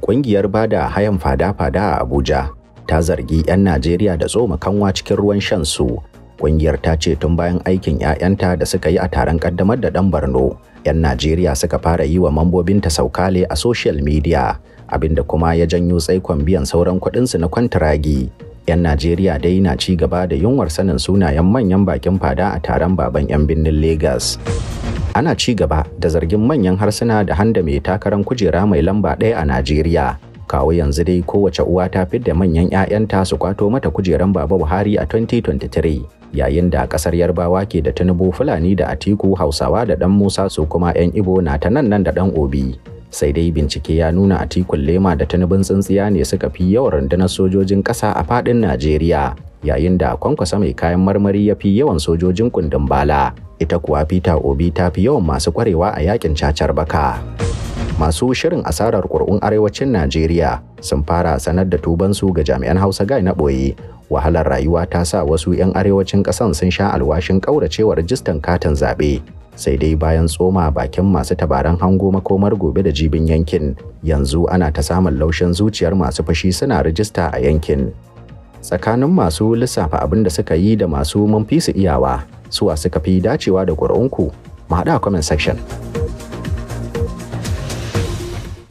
Ƙungiyar bada hayan fada-fada a Abuja ta zargi 'yan Najeriya da tsoma kanwa cikin ruwan shan su. Ƙungiyar ta ce tun bayan aikin 'ya'yanta da suka yi a taron ƙaddamar da ɗan Borno, 'yan Najeriya suka fara yi wa mambobinta saukale a social media, abinda kuma ya janyo tsaikon biyan sauran kuɗinsu na kwantiragi. 'yan Najeriya dai na ci gaba da yunwar sanin sunayen manyan bakin fada a taron baban 'yan birnin Legas. ana ci gaba da zargin manyan harsuna da handa mai takarar kujera mai lamba ɗaya a Najeriya. Kawo yanzu dai kowace uwa ta fidda manyan 'ya'yanta su kwato mata kujeran Baba Buhari a 2023 yayin da ƙasar Yarbawa ke da Tinubu Fulani da Atiku Hausawa da ɗan Musa su kuma 'yan Ibo na ta nan nan da ɗan Obi. Sai dai bincike ya nuna Atikun Lema da Tinubun tsintsiya ne suka fi yawan rundunar sojojin ƙasa a faɗin Najeriya. yayin da kwankwasa mai kayan marmari ya fi yawan sojojin kundin bala ita kuwa peter obi ta fi yawan masu kwarewa a yakin cacar baka masu shirin asarar ƙuri'un arewacin najeriya sun fara sanar da tubansu ga jami'an hausa gai na ɓoye wahalar rayuwa ta sa wasu 'yan arewacin ƙasan sun sha alwashin ƙauracewa rajistan katin zaɓe sai dai bayan tsoma bakin masu tabaran hango makomar gobe da jibin yankin yanzu ana ta samun laushin zuciyar masu fashi suna rijista a yankin tsakanin masu lissafa abin da suka yi da masu mun fi su iyawa suwa suka fi dacewa da ƙuri'unku mu haɗa a comment section.